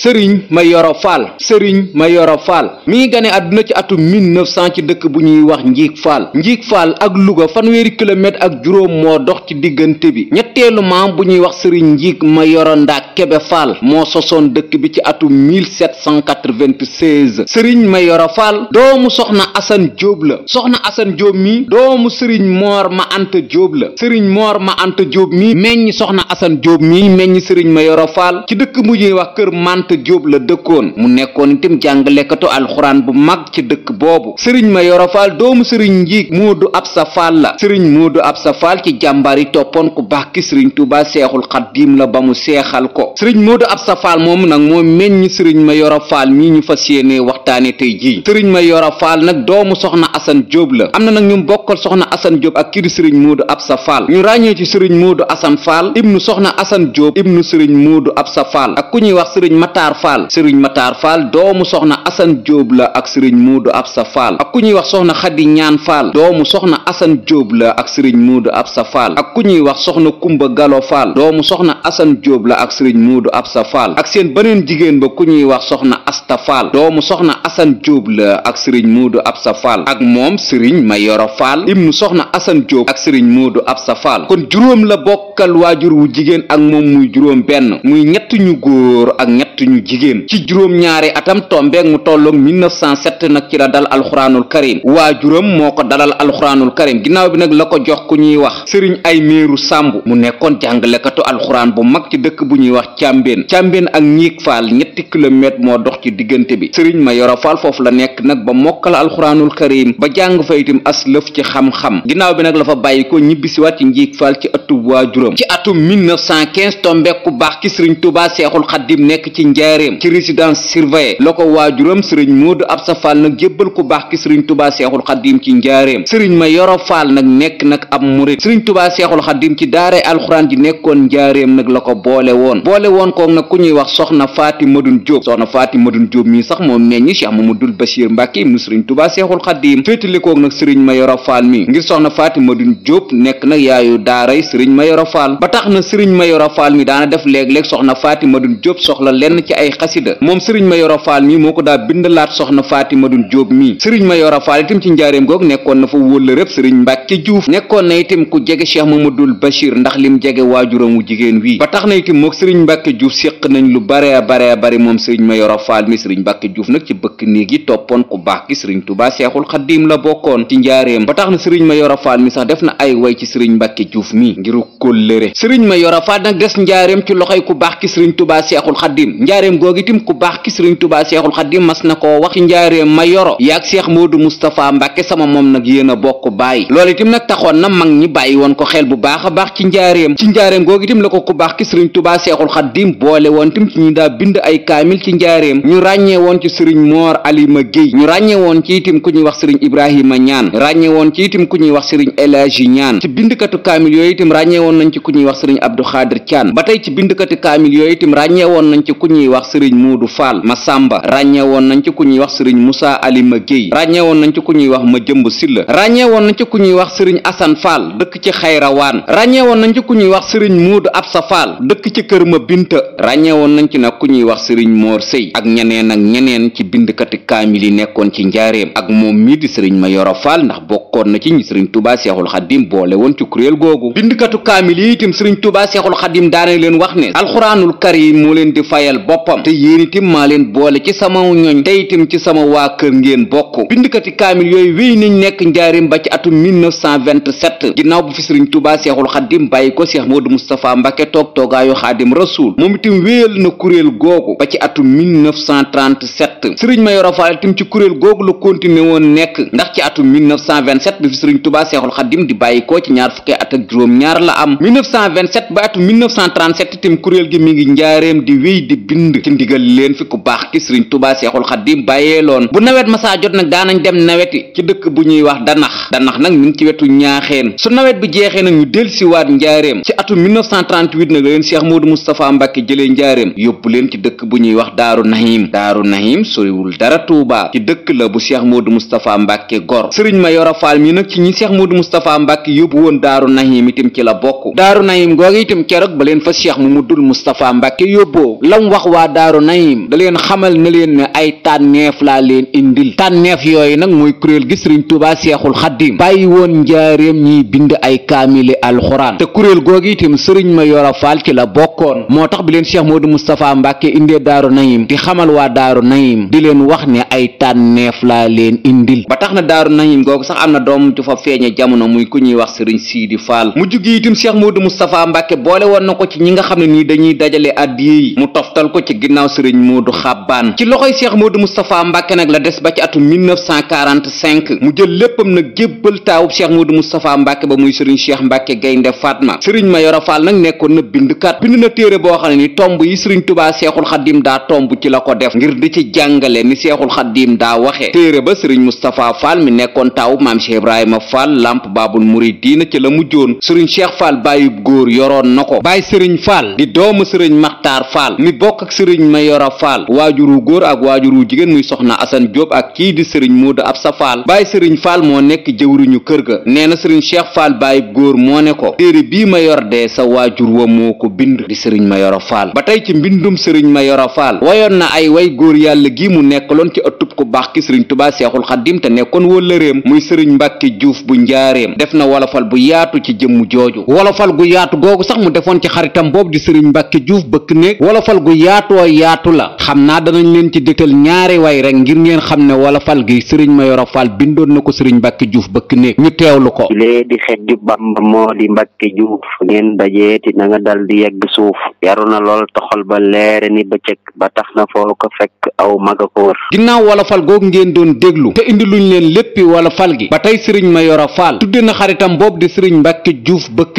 sëriñ Mayoro Fall sëriñ Mayoro Fall mi ngi gane àdduna ci atum 1900 ci dëkk bu ñuy wax Njiig Fall Njiig Fall ak Louga fanweeri kilomètre ak juróom moo dox ci diggante bi ñetteelu maam bu ñuy wax sëriñ Njiig Mayoro Ndaa Kebe Fall moo sosoon dëkk bi ci atum 1796 sëriñ Mayoro Fall doomu soxna Assane Diop la soxna Assane Diop mi doomu sëriñ Moor Ma Anta Diop la sëriñ Moor Ma Anta Diop mii meññ soxna Assane Diop mii meññ sëriñ Mayoro Fall ci dëkk bu ñuy wax kër Anta Diop la dëkkoon mu nekkoon itam jàngalekatu alxuraan bu mag ci dëkk boobu sëriñ Mayoro Fall doomu sëriñ njiig Moodu Absa Fall la sëriñ Moodu Absa Fall ci jàmbaar yi toppoon ku baax ki sëriñ Tuubaa Seexul Xadiim la ba mu seexal ko sëriñ Moodu Absa Fall moom nag moo meññ sëriñ Mayoro Fall mii ñu fas waxtaane tey jii sëriñ ma yora faal nag doomu soxna asan jóob la am na nag ñu bokkal soxna asan jóob ak kii di sëriñ moodu absa faal ñu ràññee ci sëriñ moodu asan faal ibnu soxna asan jóob ibnu sëriñ moodu absa faal ak ku ñuy wax sëriñ mataar faal sëriñ mataar faal doomu soxna asan jóob la ak sëriñ moodu absa faal ak ku ñuy wax soxna xadi ñaan faal doomu soxna asan jóob la ak sëriñ moodu absa faal ak ku ñuy wax soxna kumba galo faal doomu soxna asan jóob la ak sëriñ moodu absa faal ak seen beneen jigéen ba ku ñuy wax soxna asta faal doomu soxna asan jóob la ak sëriñ moodu absa faal ak moom sëriñ mayoro faal mu soxna asan jóob ak sëriñ moodu absa faal kon juróom la bokkal waajur wu jigéen ak moom muy juróom benn muy ñett ñu góor ak ñu jigéen ci juróom-ñaari atam tombeek mu tolloog 1907 nag ci la dal alxuraanul karim waajuram moo ko dalal alxuraanul karim ginnaaw bi nag la ko jox ku ñuy wax sëriñ ay meeru sàmb mu nekkoon jàngalekatu alxuraan bu mag ci dëkk bu ñuy wax càmbeen càmbeen ak ñiig faal ñetti kilomètre moo dox ci diggante bi sëriñ ma yoro faal foofu la nekk nag ba mokkal alxuraanul karim ba jàng fa itam as lëf ci xam-xam ginnaaw bi nag la fa bàyyi ko ñibbisiwaat ci njiig faal ci ëttub waajuram ci atum Touba Seexul Xaddim nekk ci njaareem ci résidence surveillée la ko waajuram sëriñ Moodu Absa Fall nag jébbal ku baax ki sëriñ Touba Seexul Xaddim ci njaareem sëriñ ma Yoro Fall nag nekk nag ab murit sëriñ Touba Seexul Xaddim ci daare alxuraan ji nekkoon njaareem nag la ko boole woon boole woon koog nag ku ñuy wax soxna Faati Madun Jóob soxna Faati Madun Jóob mii sax moom meññi Cheikh Mamadul Bachir Mbàkke mu sëriñ Touba Seexul Xaddim féetali koog nag sëriñ ma Yoro Fall mi ngir soxna Faati Madun Jóob nekk nag yaayu ma Yoro Fall ba na sëriñ ma Yoro Fall mi Fatima Dun Jóob soxla lenn ci ay xasida moom sëriñ Mayoro Faal mi moo ko daa bindalaat soxna Fatima Dun Jóob mi sëriñ Mayoro Faal itam ci jege Cheikh Mamadul Bachir ndax lim jege waajuram jigéen wii ba tax na itam mook sëriñ Mbàkke Juuf séq nañ lu bare a bare a bare moom sëriñ Mayoro Faal mi sëriñ Mbàkke Juuf nag ci bëkk néeg yi toppoon ku baax ki sëriñ Tuubaa Seexul Xaddiim la bokkoon ci njaareem ba tax na sëriñ Mayoro Faal mi sax def na ay way ci sëriñ Mbàkke Juuf mi ngiru kóllëre sëriñ Mayoro Faal nag des njaareem ci loxoy ku baax ki sëriñ tubaa seexul xaddim ku baax ki sëriñ tubaa seexul xaddim mas na koo ma yoro yaag seex sama moom nag yéen a bokk bàyyi loolu itam nag taxoon na mag ñi bàyyi woon ko xel bu baax a baax ci njaareem ci njaareem googu itam la ko ku baax ki sëriñ tubaa seexul xaddim boole woon tim ci ñu daa bind ay kaamil ci ñu ràññee woon ci sëriñ moor alima géy ñu raññee woon ci itim ku ñuy wax sëriñ ibrahima ñaan raññee woon ci itim ku ñuy wax sëriñ elaaji ñaan ci bindkatu kaamil yooyu itam ràññee woon nañ ci ku ñuy wax sëriñ abdu xaadir caan ba tey ci bindkati kaamil yooyu itam ràññee woon nañ ci ku ñuy wax sëriñ Moodu Faal Masamba ràññee woon nañ ci ku ñuy wax sëriñ Moussa Alima Guèye ràññee woon nañ ci ku ñuy wax Majëmb Silla ràññee woon nañ ci ku ñuy wax sëriñ Assane Fall dëkk ci Xayrawaan ràññee woon nañ ci ku ñuy wax sëriñ Moodu Absa Fall dëkk ci Kër Ma Binta ràññee woon nañ ci nag ku ñuy wax sëriñ Moor Sëy ak ñeneen ak ñeneen ci bindkati kaamil yi nekkoon ci njaareem ak moom mii di sëriñ Mayoro Fall ndax bokkoon na ci ñi sëriñ Tuubaa Seexul Xadim boole woon ci kuréel googu bindkatu kaamil yi itam sëriñ Tuubaa Seexul Xadim daana leen wax ne alxuraanul Abdul Karim moo leen di fayal boppam te yéen maa leen boole ci sama ñoñ te ci sama waa kër ngeen bokk bindkati kaamil yooyu wéy nañ nekk njaarim ba ci atum 1927 ginnaaw bu ci atum googu la continué nekk ndax ci atum bi fi sëriñ Tuubaa Seexul Xaddim di bàyyi ko ci ñaar fukki at ak juróom ñaar la am ba atum 1937 itam kuréel gi mi ngi njaareem di wéy di bind ci ndigal leen fi ku baax ki sëriñ tubaa seexul xaddim bàyyeeloon bu nawet masaa jot nag daanañ dem naweti ci dëkk bu ñuy wax danax danax nag mi ngi ci wetu ñaaxeen su nawet bi jeexee nag ñu delsiwaat njaareem ci atum 1938 nag leen seex moodu mustapha mbàkke jëlee njaareem yóbbu leen ci dëkk bu ñuy wax daaru nahim daaru nahim soriwul dara tuubaa ci dëkk la bu seex moodu mustapha mbàkke gor sëriñ ma yoro faal mi nag ci ñi seex moodu mustapha mbàkke yóbbu woon daaru nahim itam ci la bokk daaru nahim googu itam keroog ba mu Moustapha Mbàkke yóbboo lam wax waa daaru nahim da leen xamal na leen ne ay tànneef laa leen indil tànneef yooyu nag mooy kuréel gi sëriñ Tuubaa Seexul Xaddim bàyyi woon njaareem ñi bind ay kaamili alxuraan te kuréel googu itam sëriñ ma Yoro Faal ci la bokkoon moo tax bi leen Cheikh Modou Moustapha Mbàkke indee daaru nahim di xamal waa daaru nahim di leen wax ne ay tànneef laa leen indil ba tax na daaru nahim googu sax am na doom ju fa feeñe jamono muy ku ñuy wax sëriñ Siidi dajale addiya yi mu toftal ko ci ginnaaw sëriñ moodu xabbaan ci loxoy seex moodu mustapha mbàkke nag la des ba ci atum 1945 mu jël léppam nag jébbal taawub seex moodu mustapha mbàkke ba muy sëriñ cheikh mbàkke gaynde fatma sëriñ mayoro faal nag nekkoon na bindkat bind na téere boo xam ne ni tomb yi sëriñ tubaa seexul xaddim daa tomb ci la ko def ngir di ci jàngale ni seexul xaddim daa waxe téere ba sëriñ mustapha faal mi nekkoon taawub maam cheikh ibrahima faal lamp baabul muridina ci la mujjoon sëriñ cheikh faal bàyyub góor yoroon na ko bàyyi sëriñ maxtaar faal mi bokk ak sëriñ mayora faal waajuru góor ak waajuru jigéen muy soxna asan jóob ak kii di sëriñ muudu absa faal baay sëriñ faal moo nekk jëwriñu kër ga nee na sëriñ cheikh faal bàyyi góor moo ne ko téere bii ma yor dee sa waajur wa moo ko bind di sëriñ mayora faal ba tey ci mbindum sëriñ mayora faal wayoon na ay way góor yàlla gii mu nekkaloon ci ëttub ko baax ki sëriñ tubaa seexul xaddim te nekkoon wóllëreem muy sëriñ mbàkke juuf bu njaareem def na wolofal bu yaatu ci jëmm jooju wolofal suuf bëkk néeg wolofal gu yaatoo yaatu la xam naa danañ leen ci dégtal ñaari way rek ngir ngeen xam ne wolofal gi sëriñ Mayoro Fall bindoon na ko sëriñ Mbàkke Juuf bëkk néeg ñu teewlu ko lee di xet di Bàmba moo di Mbàkke Juuf ngeen dajeeti na nga dal di yegg suuf yaru na lool toxal ba leere ni bëccëg ba tax na foo ko fekk aw maga ko wër ginnaaw wolofal googu ngeen doon déglu te indi luñ leen lépp léppi fal gi ba tey sëriñ Mayoro Fall tudde na xaritam di sëriñ Mbàkke Juuf bëkk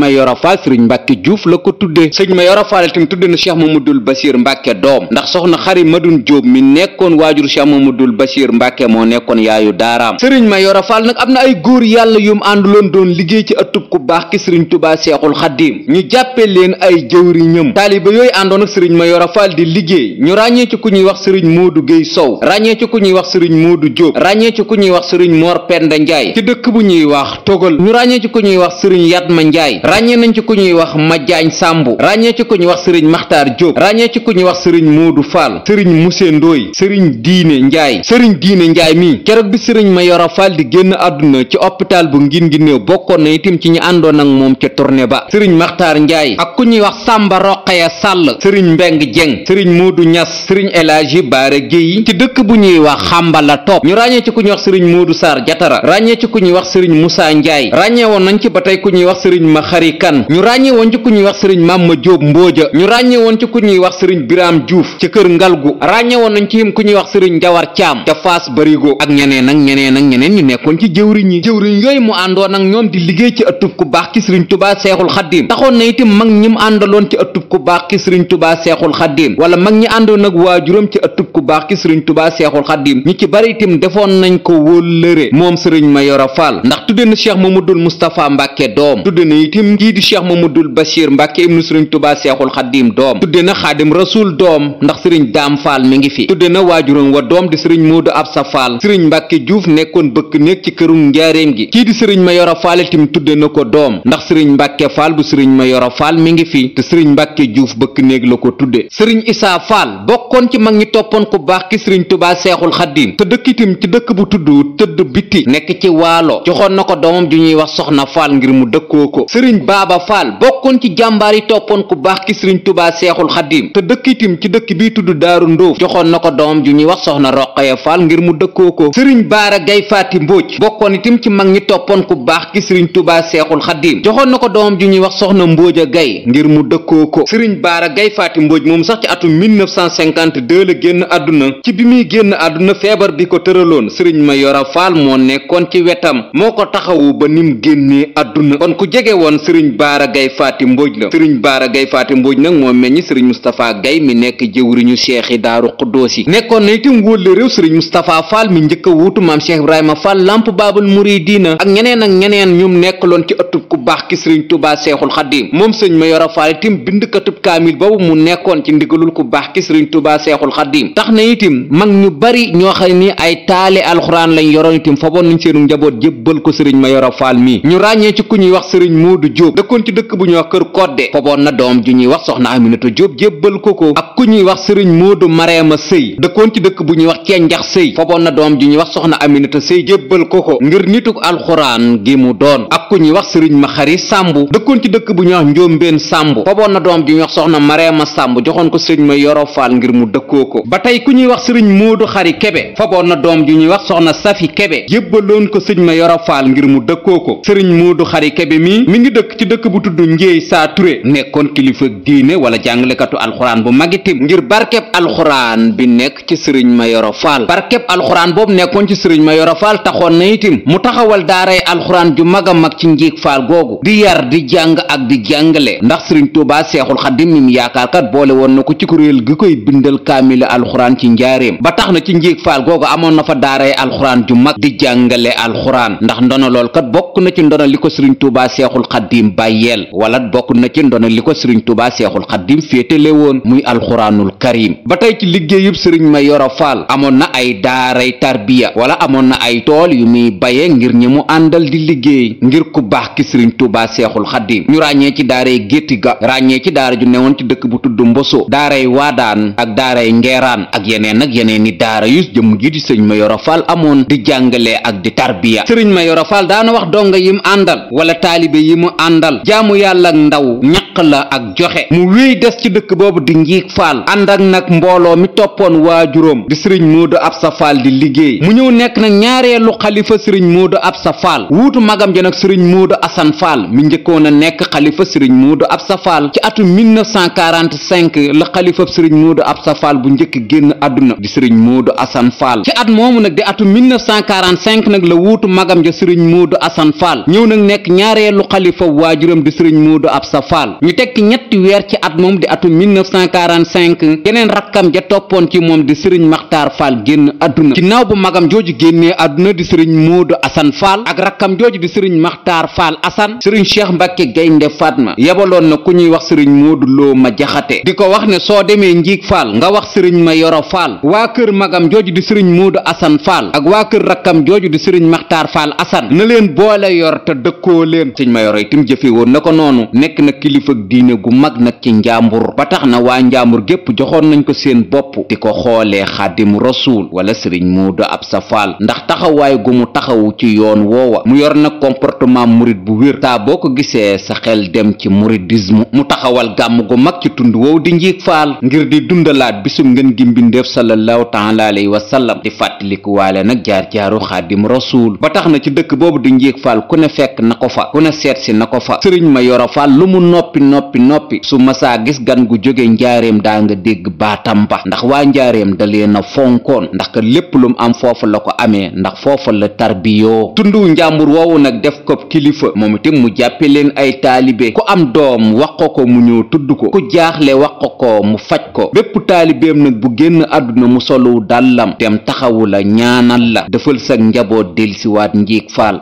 Mayoro Fall Serigne Mbàkke Diouf la ko tudde sëñ Mayoro Fall itam tudde na Cheikh Mamadul Basir Mbàkke doom ndax soxna Xari Madun Jóob mi nekkoon waajur Cheikh Mamadul Basir Mbàkke moo nekkoon yaayu daaraam Serigne Mayoro Fall nag am na ay góor yàlla yum ànduloon doon liggéey ci ëttub ku baax ki Serigne Touba Seexul Xaddiim ñu jàppee leen ay jëwri ñëm taaliba yooyu àndoon ak Serigne Mayoro Fall di liggéey ñu ràññee ci ku ñuy wax Serigne Modou Gueye Sow ràññee ci ku ñuy wax Serigne Modou Diop ràññee ci ku ñuy wax Serigne Mor Penda Ndiaye ci dëkk bu ñuy wax Togal ñu ràññee ci ku ñuy wax Serigne Yatma Ndiaye ràññee nañ ci ku ñuy wax Madiagne Sàmbu ràññee ci ku ñuy wax sëriñ Maxtaar Diop ràññee ci ku ñuy wax sëriñ Moodu Fall sëriñ Musee Ndooy sëriñ Diine Njaay sëriñ Diine Njaay mi keroog bi sëriñ Mayoro Fall di génn àdduna ci hôpital bu ngin gi néew bokkoon na itam ci ñu àndoon ak moom ca tournée ba sëriñ Maxtaar Njaay ak ku ñuy wax Sàmba Roqaya Sàll sëriñ Mbeng Jeng sëriñ Moodu Ñas sëriñ Elaaji Baara Géy ci dëkk bu ñuy wax Xambala Topp ñu ràññee ci ñuy wax sëriñ Moodu Saar Jatara ràññee ci ñuy wax sëriñ Musaa Njaay ràññee woon nañ ci ba tey ku ñuy wax sëriñ Max xari kan ñu ràññee woon ci ku ñuy wax sëriñ Mamma Jóob Mbooja ñu ràññee woon ci ku ñuy wax sëriñ Biraam Juuf ci kër Ngalgu ràññee woon nañ ci yim ku ñuy wax sëriñ Njawar Caam ca Faas Barigo ak ñeneen ak ñeneen ak ñeneen ñu nekkoon ci jëwriñ yi jëwriñ yooyu mu àndoon ak ñoom di liggéey ci ëttub ku baax ki sëriñ Tubaa Seexul Xaddiim taxoon na itam mag ñi àndaloon ci ëttub ku baax ki sëriñ Tubaa Seexul Xaddiim wala mag ñi àndoon ak waajuram ci ëttub ku baax ki sëriñ Tubaa Seexul Xaddiim ñi ci bari itam defoon nañ ko wóllëre moom sëriñ Mayoro Fall ndax tudde na Cheikh Mamadul Moustapha Mbàkke doom tudde na itam jëwriñam ngii di cheikh mamadul bachir mbàkke ibnu sëriñ tubaa seexul xaddiim doom tudde na xaadim rasul doom ndax sëriñ daam faal mi ngi fi tudde na waajuram wa doom di sëriñ moodu absa faal sëriñ mbàkke juuf nekkoon bëkk néeg ci këru njaareem gi kii di sëriñ ma yoro faal itam tudde na ko doom ndax sëriñ mbàkke faal bu sëriñ ma yoro faal mi ngi fi te sëriñ mbàkke juuf bëkk néeg la ko tudde sëriñ isaa faal bokkoon ci mag ñi toppoon ku baax ki sëriñ tubaa seexul xaddiim te dëkk itam ci dëkk bu tudd tëdd biti nekk ci waalo joxoon na ko ñuy wax soxna faal ngir mu dëkkoo sëriñ baaba faal bokkoon ci jàmbaar yi toppoon ku baax ki sëriñ tubaa seexul xadim te dëkk itim ci dëkk bi tudd daaru ndóof joxoon na ko doomam ju ñuy wax soxna roqaya faal ngir mu dëkkoo ko sëriñ baara gay faati mbóoj bokkoon itim ci mag ñi toppoon ku baax ki sëriñ tubaa seexul xadim joxoon na ko doomam ju ñuy wax soxna mbóoj a gay ngir mu dëkkoo ko sëriñ baara gay faati mbóoj moom sax ci atum 1952 a génn àdduna ci bi muy génn àdduna feebar bi ko tëraloon sëriñ ma yora faal moo nekkoon ci wetam moo ko taxawu sëriñ baara gay faati mbooj la sëriñ baara gay faati mbooj nag moo meññi sëriñ mustapha gay mi nekk jëwriñu cheikh yi daaru xuddoos yi nekkoon na itam wóolle réew sëriñ mustapha fall mi njëkk a wuutu maam cheikh ibrahima fall lamp ak ñeneen ak ñeneen ñoom nekkaloon ci ëttub ku baax ki sëriñ tubaa seexul xaddiim moom sëñ ma yoro faal itam bindkatub kaamil boobu mu nekkoon ci ndigalul ku baax ki sëriñ tubaa seexul xaddiim tax na itam mag ñu bari ñoo xam ni ay taale alxuraan lañ yoroon itam faboon nañ seenu njaboot jébbal ko sëriñ ma yoro faal Diop dëkkoon ci dëkk bu ñuy wax kër Kodde foboon na doom ju ñuy wax soxna Aminata Diop jébbal ko ko ak ku ñuy wax sëriñ Moodu Mareema Sëy dëkkoon ci dëkk bu ñuy wax Cenjax Sëy foboon na doom ju ñuy wax soxna Aminata Sëy jébbal ko ko ngir nituk alxuraan gi mu doon ak ku ñuy wax sëriñ Maxari Sàmbu dëkkoon ci dëkk bu ñuy wax Njombeen Sàmbu foboon na doom ju ñuy wax soxna Mareema Sàmbu joxoon ko sëriñ ma Yoro Faal ngir mu dëkkoo ko ba tey ku ñuy wax sëriñ Moodu Xari Kebe foboon na doom ju ñuy wax soxna Safi Kebe jébbaloon ko sëriñ ma Yoro Faal ngir mu dëkkoo ko sëriñ Moodu Xari Kebe mi mi ngi dëkk ci dëkk bu tudd Ndiéye Saa Touré nekkoon kilifa diine wala jàngalekatu alxuraan bu mag itam ngir barkeb alxuraan bi nekk ci sëriñ Mayoro Fall barkeb alxuraan boobu nekkoon ci sëriñ Mayoro Fall taxoon na itam mu taxawal daaray alxuraan ju mag a mag ci njiig faal googu di yar di jàng ak di jàngale ndax sëriñ Tuubaa Seexul Xadim mi yaakaar kat boole woon na ko ci kuréel gi koy bindal kaamila alxuraan ci njaareem ba tax na ci Ndiéye Fall googu amoon na fa daaray alxuraan ju mag di jàngale alxuraan ndax ndono xaddiim bàyyeel wala bokk na ci ndona li ko sëriñ tubaa seexul xaddiim féetale woon muy alxuraanul karim ba tey ci liggéeyub sëriñ ma yoro faal amoon na ay daaray tarbiya wala amoon na ay tool yu muy baye ngir ñi mu àndal di liggéey ngir ku baax ki sëriñ tubaa seexul xaddiim ñu ràññee ci daaray gétti ga ràññee ci daara ju newoon ci dëkk bu tudd mboso daaray waadaan ak daaray ngeeraan ak yeneen ak yeneen ni daara yu jëmm ji di sëriñ ma yoro faal amoon di jàngale ak di tarbiya àndal jaamu yàlla ak ndaw ñaq la ak joxe mu wéy des ci dëkk boobu di njiig faal ànd ak nag mbooloo mi toppoon waajuróom di sëriñ moodu absa faal di liggéey mu ñëw nekk nag ñaareelu xalifa sëriñ moodu absa faal wuutu magam ja nag sëriñ moodu asan faal njëkkoon a nekk xalifa sëriñ moodu absa faal ci atum 1945 la xalifab sëriñ moodu absa faal bu njëkk génn àdduna di sëriñ moodu asan faal ci at moomu nag di atum nag la wuutu magam ja sëriñ moodu asan faal ñëw nag nekk ñaareelu xalifa fa waajuram di sëriñ Moodu Absa Fall ñu tekk ñetti weer ci at moom di atum 1945 geneen rakkam ja toppoon ci moom di sëriñ Maxtaar Fall génn àdduna ginnaaw bu magam jooju génnee àdduna di sëriñ Moodu Asan Fall ak rakkam jooju di sëriñ Maxtaar Fall Asan sëriñ Cheikh Mbàkke Gaynde ma yebaloon na ku ñuy wax sëriñ Moodu Loo ma jaxate di ko wax ne soo demee Njiig Fall nga wax sëriñ ma Yoro Fall waa kër magam jooju di sëriñ Moodu Asan Fall ak waa kër rakkam jooju di sëriñ Maxtaar Fall Asan na boole yor te dëkkoo leen sëriñ ma Yoro itam jëfe woon nekk na kilifa diine gu mag nag ci njàmbur ba tax na waa njàmbur gépp joxoon nañ ko seen bopp di ko xoolee xaadimu rasuul wala sëriñ Moodu Absa Faal ndax taxawaay gu mu taxawu ci yoon woowa mu yor nag comportement murit bu wér saa boo ko gisee sa xel dem ci muridisme mu taxawal gàmm gu mag ci tund woow di njiig faal ngir di dundalaat bisum ngeen gi mbindeef sallallahu taala alayhi wa sallam di fàttaliku waale nag jaar jaaru xaadim rasuul ba tax na ci dëkk boobu di njiig faal ku ne fekk fekk na ko fa ku ne na ko fa sëriñ ma yoro faal lu mu noppi noppi noppi su masaa gis gan gu jóge njaareem daa nga dégg baatam ba ndax waa njaareem da na fonkoon ndax ka lépp lu mu am foofu la ko amee ndax foofa la tarbiyoo tundu njàmbur woowu nag def ko kilifa moom itam mu jàppee leen ay taalibe ku am doom wax ko ko mu ñëw tudd ko ku jaaxle wax ko ko mu faj ko bépp taalibeem nag bu génn àdduna mu solu dàllam dem taxawula la ñaanal la defal sa njaboot delsiwaat njiig faal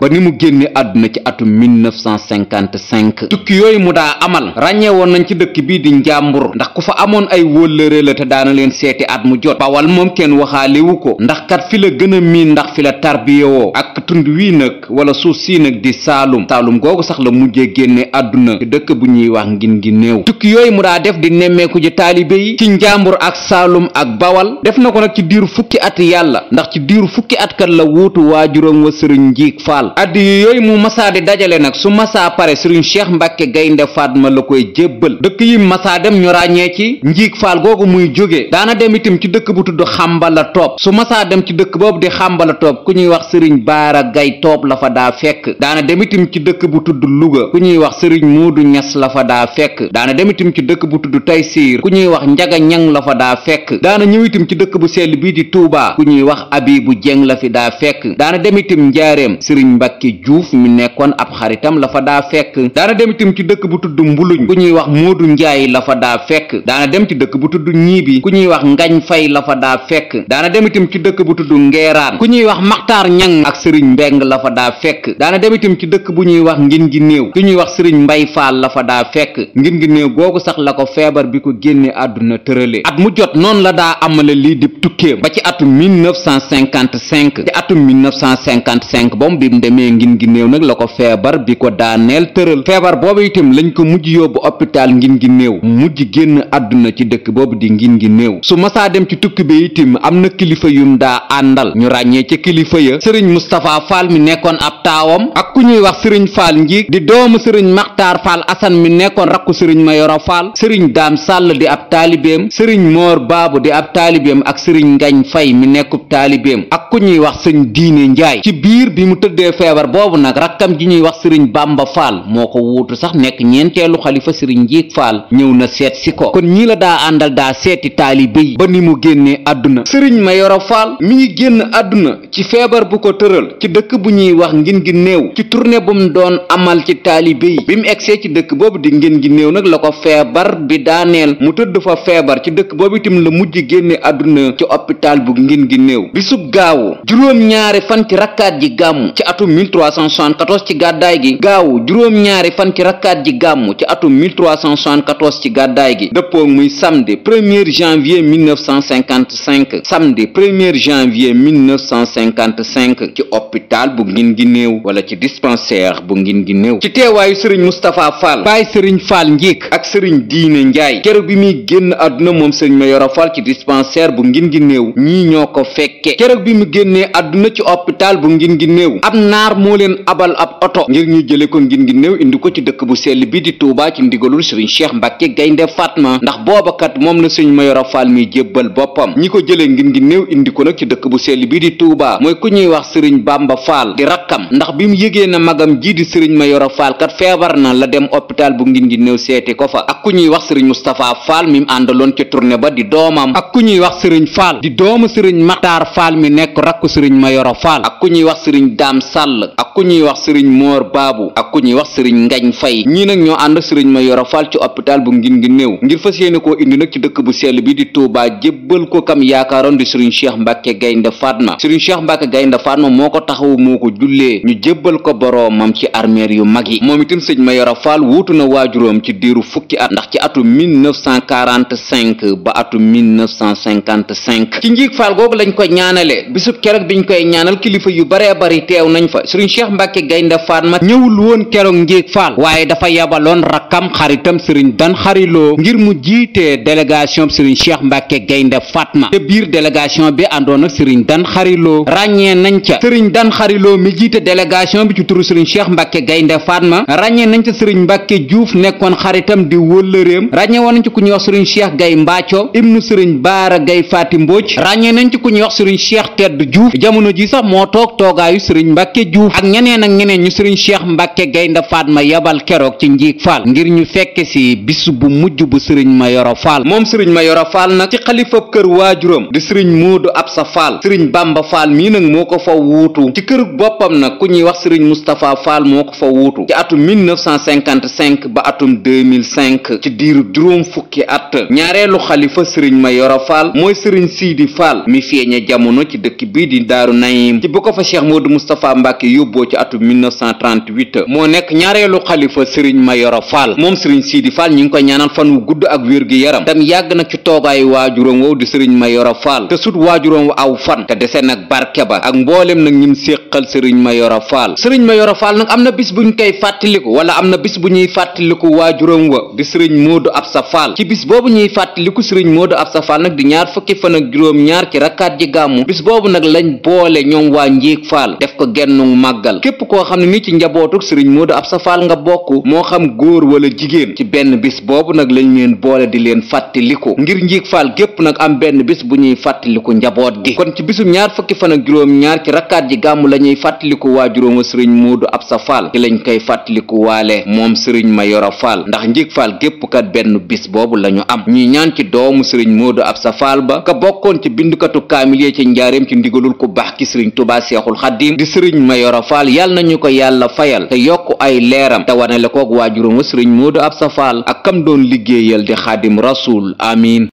atum 1955 tukki yooyu mu daa amal ràññee woon nañ ci dëkk bii di njàmbur ndax ku fa amoon ay wóllëre la te daana leen seeti at mu jot bawal moom kenn waxaalewu ko ndax kat fi la gën a miin ndax fi la tarbiyewoo ak tund wii nag wala suuf sii nag di saalum saalum googu sax la mujjee génne àdduna ci dëkk bu ñuy wax ngin ngi néew tukki yooyu mu daa def di nemmeeku ji taalibe yi ci njàmbur ak saalum ak bawal def na ko nag ci diiru fukki at yàlla ndax ci diiru fukki at kat la wuutu wa sëriñ masaa di dajale nag su masaa pare sëriñ cheikh mbàkke gaynde faatma la koy jébbal dëkk yi masaa dem ñu ràññee ci njiig faal googu muy jóge daana dem itam ci dëkk bu tudd xambala toob su masaa dem ci dëkk boobu di xambala toob ku ñuy wax sëriñ baara gay toob la fa daa fekk daana dem itam ci dëkk bu tudd luga ku ñuy wax sëriñ muudu ñas la fa daa fekk daana dem itam ci dëkk bu tudd taysiir ku ñuy wax njaga ñang la fa daa fekk daana ñëw itam ci dëkk bu sell bii di tuubaa ku ñuy wax bu jeng la fi daa fekk daana dem itam njaareem sëriñ mbàkke juuf mi nekk kon ab xaritam la fa daa fekk daana dem itam ci dëkk bu tudd mbuluñ ku ñuy wax du njaay la fa daa fekk daana dem ci dëkk bu tudd ñiibi ku ñuy wax ngañ fay la daa fekk daana dem itam ci dëkk bu tudd ngeeraan ku ñuy wax maxtaar ñang ak sëriñ mbeng la fa daa fekk daana dem itam ci dëkk bu ñuy wax ngin gi néew ku ñuy wax sëriñ mbay faal la fa daa fekk ngin gi néew googu sax la ko feebar bi ko génne àdduna tërale at mu jot noonu la daa amale lii dib tukkeem ba ci atum 1955 ci atum 1955 bom bi demee ngin gi la ko ginnaaw feebar bi ko daaneel tëral feebar boobu itam lañ ko mujj yóbbu hôpital ngin ngi néew mujj génn àdduna ci dëkk boobu di ngin ngi néew su masaa dem ci tukki bi itam am na kilifa yum daa àndal ñu ràññee ca kilifa ya sëriñ Moustapha Fall mi nekkoon ab taawam ak ku ñuy wax sëriñ faal njiig di doomu sëriñ maxtaar faal asan mi nekkoon rakku sëriñ yoro faal sëriñ daam sàll di ab taalibeem sëriñ moor baabu di ab taalibeem ak sëriñ ngañ fay mi nekkub taalibeem ak ku ñuy wax sëñ diine njaay ci biir bi mu tëddee feebar boobu nag rakkam ji ñuy wax sëriñ bàmba faal moo ko wuutu sax nekk ñeenteelu xalifa sëriñ njiig faal ñëw na seet si ko kon ñii la daa àndal daa seeti taalibe yi ba ni mu génnee àdduna sëriñ mayoro faal mi ngi génn àdduna ci feebar bu ko tëral ci dëkk bu ñuy wax ngin gi néew ci tournée bu mu doon amal ci taalibe yi bi mu egsee ci dëkk boobu di ngeen gi néew nag la ko feebar bi daaneel mu tëdd fa feebar ci dëkk boobu itam la mujj génne àdduna ci hôpital bu ngin ngi néew bisub gaawu juróom-ñaari fan ci rakkaat ji gàmmu ci atum 1374 ci gàddaay gi gaawu juróom-ñaari fan ci rakkaat ji gàmmu ci atum 1374 ci gàddaay gi dëppoo muy samedi 1er janvier 1955 samedi 1er janvier 1955 ci hôpital bu ngeen gi néew wala ci dispensaire bu ngin gi néew ci teewaayu sëriñ Moustapha Fall baay sëriñ Fall Njik ak sëriñ Diine Njaay kero bi muy génn àdduna moom sëriñ Mayoro Fall ci dispensaire bu ngin gi néew ñii ñoo ko fekke kero bi mu génnee àdduna ci hôpital bu ngin gi néew ab naar moo leen abal ab oto ngir ñu jële ko ngin gi néew indi ko ci dëkk bu sell bi di Touba ci ndigalul sëriñ Cheikh Mbacke Gaynde Fatma ndax boobakat moom la sëriñ Mayoro Fall mi jébbal boppam ñi ko jëlee ngin gi néew indi ko nag ci dëkk bu sell bi di Touba mooy ku ñuy wax yëgee na magam jii di sëriñ Mayoro Faal kat feebar na la dem hôpital bu ngin ngi néew seeti ko fa ak ku ñuy wax sëriñ Moustapha Faal mi mu àndaloon ca tournée ba di doomam ak ku ñuy wax sëriñ Faal di doomu sëriñ Maxtaar Faal mi nekk rakku sëriñ Mayoro Faal ak ku ñuy wax sëriñ Daam Sàll ak ku ñuy wax sëriñ Moor Baabu ak ku ñuy wax sëriñ Ngañ Fay ñii nag ñoo ànd sëriñ Mayoro Faal ci hôpital bu ngin ngi néew ngir fas yéene koo indi nag ci dëkk bu sell bi di Touba jébbal ko kam yaakaaroon di sëriñ Cheikh Mbàkke Gaynde Fatma sëriñ Cheikh Mbàkke Gaynde Fatma moo ko taxawu moo ko jullee ñu jébbal ko ko boroomam ci armeer yu mag yi moom itam sëñ Mayoro Fall wuutu na waajuróom ci diiru fukki at ndax ci atum 1945 ba atum ci njiig faal googu lañ ko ñaanale bisub keroog biñ koy ñaanal kilifa yu baree bari teew nañ fa sëriñ Cheikh Mbàkke Gaynde Fatma ñëwul woon keroog njiig faal waaye dafa yabaloon rakkam xaritam sëriñ dan xariloo ngir mu jiitee délégation bi sëriñ Cheikh Mbàkke Gaynde Fatma te biir délégation bi àndoon sëriñ dan xariloo ràññee nañ ca ci turu sëriñ cheikh mbàkke gaynde faatma ràññee nañ ci sëriñ mbàkke juuf nekkoon xaritam di wëllëreem ràññee nañ ci ku ñuy wax sëriñ cheikh gay mbaaco ibnu sëriñ baara gay faati mbóoj ràññee nañ ci ku ñuy wax sëriñ cheikh tedd juuf jamono ji sax moo toog toogaayu sëriñ mbàkke juuf ak ñeneen ak ñeneen ñu sëriñ cheikh mbàkke gaynde faatma yabal keroog ci njiig faal ngir ñu fekke si bis bu mujj bu sëriñ ma yoro faal moom sëriñ ma yoro faal nag ci xalifab kër waajuram di sëriñ moodu absa faal sëriñ bamba faal mii nag moo ko fa wuutu ci kër boppam nag ku ñuy wax sëriñ Moustapha Fall moo ko fa wuutu ci atum 1955 ba atum 2005 ci diir juróom fukki at ñaareelu xalifa sëriñ Mayoro Fall mooy sëriñ Sidi Fall mi feeñe jamono ci dëkk bii di Daaru Naim ci bu ko fa Cheikh Modou Moustapha Mbacke yóbboo ci atum 1938 moo nekk ñaareelu xalifa sëriñ Mayoro Fall moom sëriñ Sidi Fall ñu ngi koy ñaanal fan wu gudd ak wér gi yaram tam yàgg nag ci toogaayu waajuróom wow di sëriñ Mayoro Fall te sut waajuróom wa aw fan te nag barke ba ak mboolem nag ñim séqal sëriñ sëriñ Mayoro Fall sëriñ Mayoro Fall nag am na bis buñ koy fàttaliku wala am na bis bu ñuy fàttaliku waajuram wa di sëriñ Modou Absa Fall ci bis ñuy fàttaliku sëriñ Modou Absa Fall nag di ñaar fukki fan ak juróom-ñaar ci rakkaat ji gàmmu bis boobu nag lañ boole ñoom waa Njiig Fall def ko gennu màggal képp koo xam ne nii ci njabootuk sëriñ Modou Absa Fall nga bokk moo xam góor wala jigéen ci benn bis boobu nag lañ leen boole di leen fàttaliku ngir Njiig Fall gépp nag am benn bis bu ñuy fàttaliku njaboot gi kon ci bisum ñaar fukki fan ak juróom-ñaar ci rakkaat ji gàmmu lañuy fàtt fàttaliku waajuróom wa sëriñ Moodu Absa Fall ci lañ koy fàttaliku waale moom sëriñ Mayoro Fall ndax Njig Fall gépp kat benn bis boobu lañu am ñuy ñaan ci doomu sëriñ Moodu Absa Fall ba ka bokkoon ci bindukatu kaamil yee ci njaareem ci ndigalul ku baax ki sëriñ Tuubaa Seexul Xaddiim di sëriñ Mayoro Fall yàlla nañu ko yàlla fayal te yokk ay leeram te wane la koog waajuróom wa sëriñ Moodu Absa Fall ak kam doon liggéeyal di Xaadim Rasuul amiin